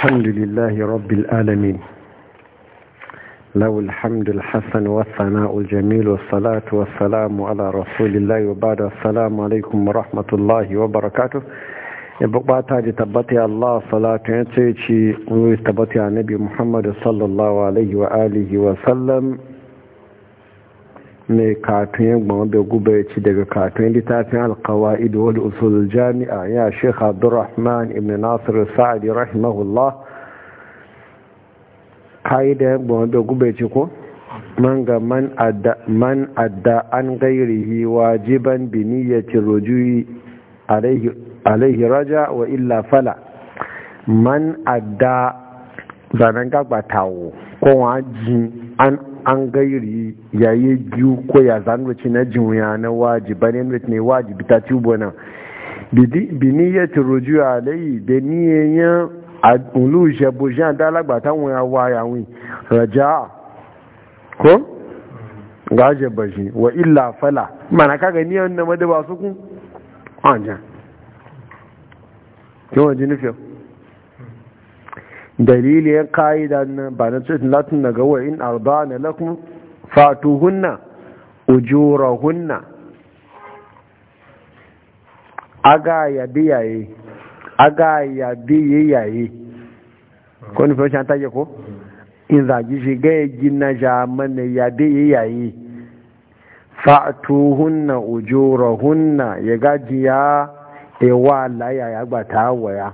الحمد لله رب العالمين له الحمد الحسن والثناء الجميل والصلاة والسلام على رسول الله وبعد السلام عليكم ورحمة الله وبركاته bukata da tabbata ya Allah salatu ya ce ci tabbata ya nabi Muhammad sallallahu alaihi wa alihi wa sallam mai katun 'yan gbama bai gube ci daga katun littafin alkawa'id wal usul jami'a ya sheikh abdurrahman ibn nasir sa'adi rahimahullah da 'yan gbama bai gube ci ko man ga man adda an gairihi wajiban bi niyyati rujui alaihi raja wa illa fala man adda zanen gagbatawo ko wajin an an gairi yayi biyu ko ya zanruci na jinya na bane ne ne wajibi ta tubo na biniyyatin ruju alayi da niyyan ulu ìṣẹ̀bù ṣe àdá alágbàtà wọn àwọ àyàwìn raja ko ga je baji wa illa fala mana kaga ni yawon na madaba sukun ọjà kí wọ́n ji nufẹ́ dalili ya ka'ida nan ba na cikin latin na gawa in arba na lakun fatuhunna ujurahunna aga ya yaye aga yabi yaye ko ni fashin ta ko in zagi shi ga gina ya yabi yaye fatuhunna ujurahunna ya gaji ya ewa laya ya gbata waya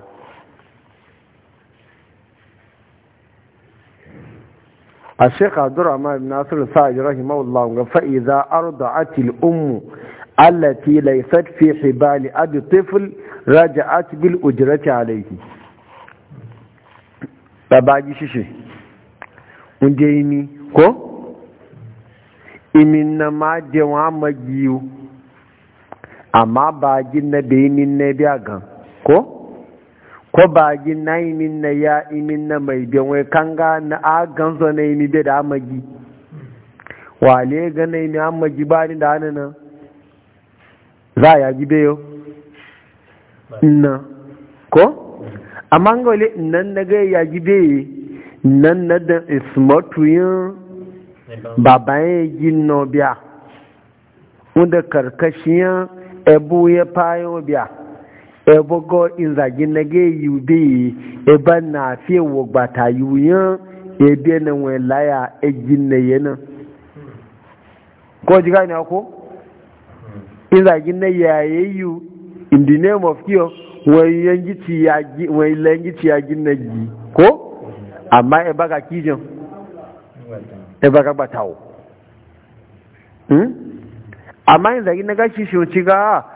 a sheikh abdurrahman bin nasir sa'id rahimahullah ga fa'iza, idza atil, al umm allati laysat fi hibali abi tifl raja'at bil ujrati alayhi babaji shishi unje ni ko imin ma de wa magiyu amma ba na be ni ne biya gan ko ko bagi na imin na ya imin na mai biyanwai kanga na a ganzo na imi be da amagi wale ga na imi amagi ba ni da na. za a yagi yau? na ko amma ga wale nan na ga yagi be nan na da ismatuyin babayen yin no biya wanda karkashiyan ebu ya fayo biya ebogo inzagi nage yubi eba na fi wo gbata yuyan ebe na we laya ejinne yana ko jiga ni ako inzagi na yaye yu in the name of kiyo wani yangi ya yaji wani langi ci ya na ji ko amma eba ga kijin eba ga gbatawo hmm? amma inzagi na gashi shi ci ga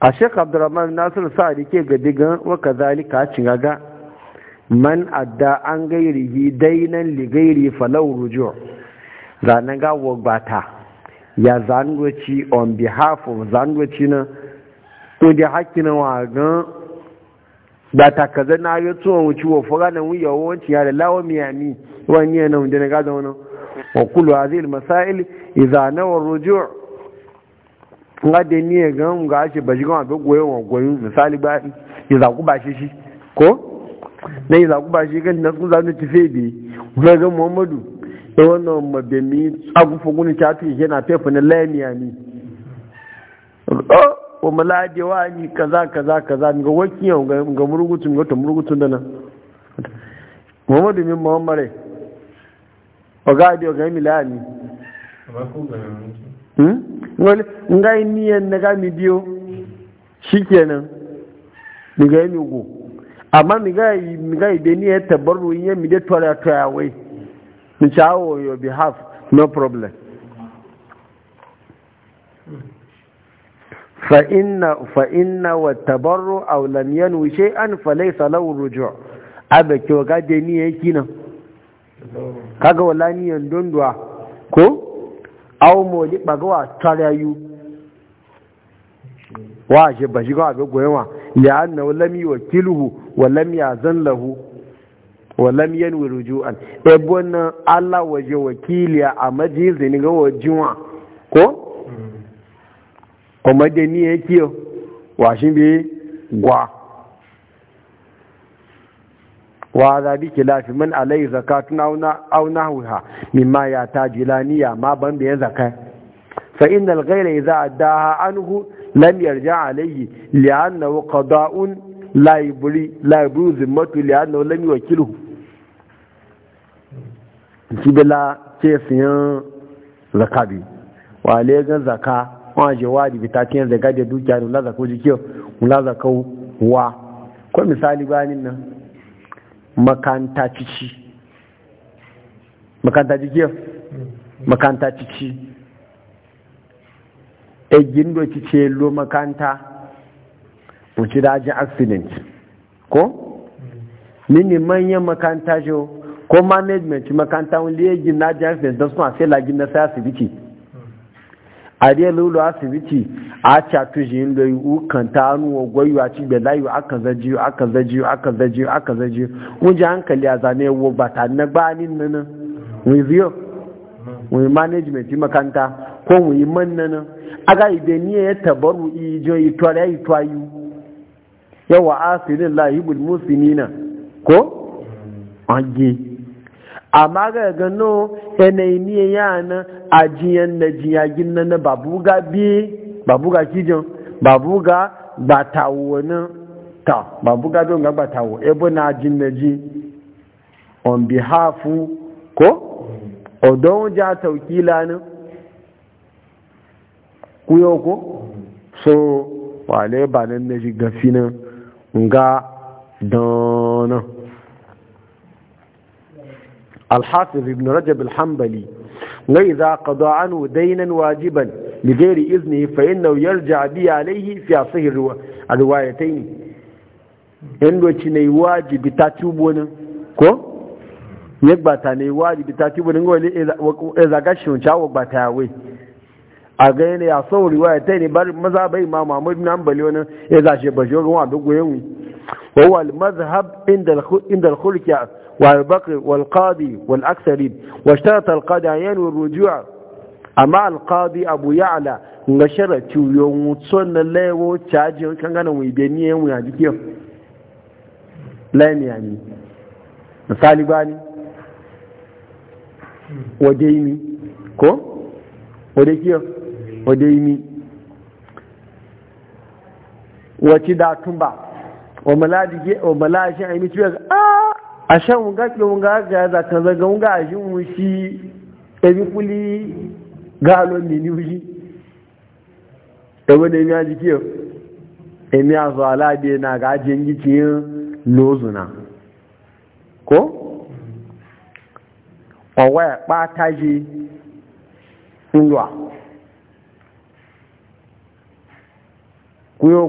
a shek abdurrahman nasir sa'adi ke ga gan waka zalika cin gaga man adda an gairi yi dainan ligairi falau rujo zanen gawo bata ya zangoci on behalf of zangoci na ko da haƙƙi na wagan da takaza na yi tsohon wuce wa fura na wuya wancin ya da lawon miyami wani yana wunde na gada wani wa kulu zai masail izanawar rujo' nga de ni ga mu ga shi ba shi abe go goyen wa goyen misali ba iza ku ba shi shi ko na iza ku ba shi kan na ni ti fe bi ga ga Muhammadu da e wannan mabemi tsagu fuguni ta fi yana fefa na lamiya ni wa malade wa ni kaza kaza kaza ga yo ga murugutun ga to murugutun dana Muhammadu min Muhammadu o ga da ga milani ni wani nga yi niyan na ga mi biyo shi kenan mi ga yi amma mi ga yi mi ga yi beni ya tabar ruwin mi de tora tora wai mi sha wo yo bi haf no problem fa inna wa tabarru a lam yanwi an fa laysa lahu ruju abe ki wa ga de ni yake nan kaga wala niyan donduwa ko aw moli baga wa tarayu wa je baji ga ga goyewa ya anna wa yukiluhu wa lam zan lahu wa lam yanwi rujuan e bona Allah waje wakili a majizi ni ga wajiwa ko mm. kuma da ni wa shi bi gwa wa za bi kilafi min alai zakatun aw nahwiha mimma ya tajilaniya ma ban ya zaka fa innal ghayra idza addaha anhu lam yarja alayhi li'annahu qada'un la yubri la yubru zimmatu li'annahu lam yuwakkiluhu kibla ce siyan zakabi wa le gan zaka wa jawabi bitakin zaga da dukiya la zakau jikiyo la zakau wa ko misali bayanin nan makanta cici makanta cici mm. makanta cici egin do cici e lo makanta wuce da ajin accident ko mini mm. manyan makanta jo ko management makanta wani egin na ajin accident don suna sai lagin na sai asibiti mm. a lulu asibiti a catu shi yin yi ukan ta wa gwayo a ci bai layu aka zaji aka zaji aka zaji aka zaji wunji hankali a zane wo ba ta na ni nan wani ziyo yi management makanta ko yi man nan yi ibe ni ya tabaru ijo itwara itwayu yawa asirin lahibul musulmina ko anje amma ga gano yanayi ni yana ajiyan na jiyagin nan na babu gabi Ba buga kijin ba buga ba tawo ta ba buga don ga ba tawo ebo na jin na ji on behalf ko odon ja taukila ne kuyo ko so wale ba nan na ji gafi nan nga don الحافظ ابن رجب الحنبلي وإذا قضى عنه دينا واجبا bi gairi izni fa innahu yarja bi alayhi fi asihir riwayatayn yan doci ne wajibi ta tubo ko ya gbata ne wajibi ta tubo nan wani zaga shi ta wa gbata yawe a ga yana ya sau riwayatayn bar maza bai ma Muhammad ibn Hanbali wannan ya zashe bashi ga wa dogo yawi wa wal mazhab inda inda al-khulq wa al-baqi wal qadi wal aktharib wa ishtara al-qadi yan ruju' amma alqadi abu ya ala nga sharatu yon son na lewo caji kan gana wi be ni en ya dikiyo lani yani misali bani wadeimi ko wadekiyo wadeimi wati da tumba wa malaji wa malaji ai mi tuya a ah! a shan wunga ke wunga ga za kan zaga wunga a jin wushi ebi kuli galo mini wuji ebe da emi aji kiyo emi azu alabe na ga aji yi ciye lozu na ko ọwọ́ ẹ̀ pátá yí ń lọ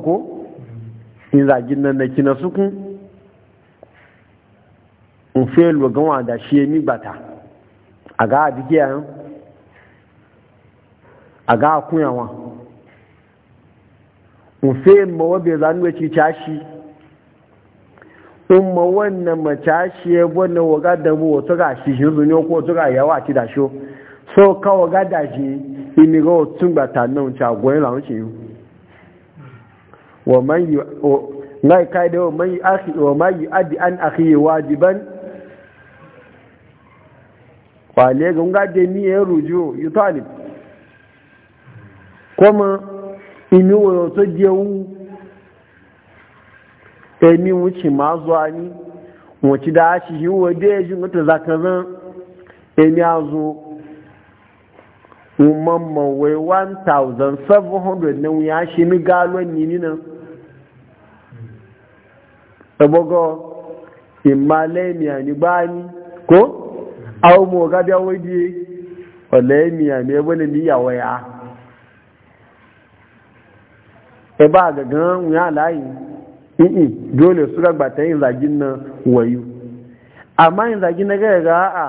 kó ìzàjì nana kìnnà sukun ń lọ gan dà ṣe nígbàtà àgá a ga kunyawa ufe mawa bai ya ci cashi in ma wannan macashi ya wannan waga da mu wato ga shi shi zunyo ko wato ga yawa ci da shi so ka waga da shi ini ga wato tun bata nan ci agwai na wuce yi wa man yi na kai da wa man aki wa mayi adi an akhi wajiban kwale ga ngade ni ya rujo talib kọ́mọ inú wọ̀nyọ̀ tó jẹ́ ẹni wọ́n ci máa zọ ní wọ́n ci da ṣe yí wọ́n dé ẹjú mọ́tò zakanzan ẹni azọ wọ́n mọ́ mọ́ wẹ́ 1700 na wọ́n yá ṣe ní gálọ́ ní nínú ẹgbọ́gọ́ ìmàlẹ́mì ànígbá ní kó àwọn ọmọ ọ̀gá bí àwọn ìdíye ọ̀lẹ́mì àmì ẹgbọ́n ya. e ba ga gan ya layi i'i dole su ga ta yin zagin nan wayu amma yin zagin na ga ga a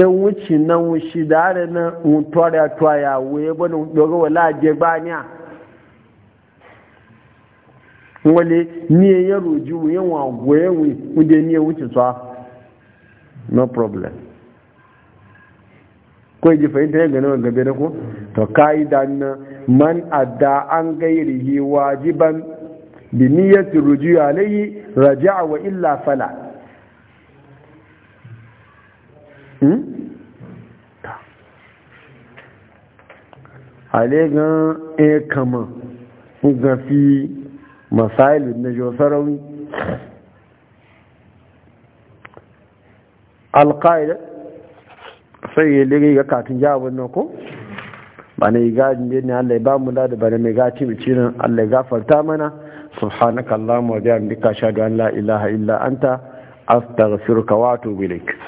e wuci nan wuci da da na mutore to ya we ba no dogo wala je ba ni a wale ni ya roji wu yan wa gwe wu de ni wuci tsa no problem ko ji fahimta yin ganin gabe da ku to ka'ida nan man adda an gairihi wajiban bi niyyati ruju'i alayhi raja'a wa illa fala hmm? ale gan e kama ga fi masailu na jo sarawi alqaida sai ya liri ga katin jawabin nan ko ba na yi gajin da ne Allah ba mu da ba na mai gaci mai cinin Allah ya gafarta mana subhanakallahumma wa bihamdika ashhadu an la ilaha illa anta astaghfiruka wa atubu ilaik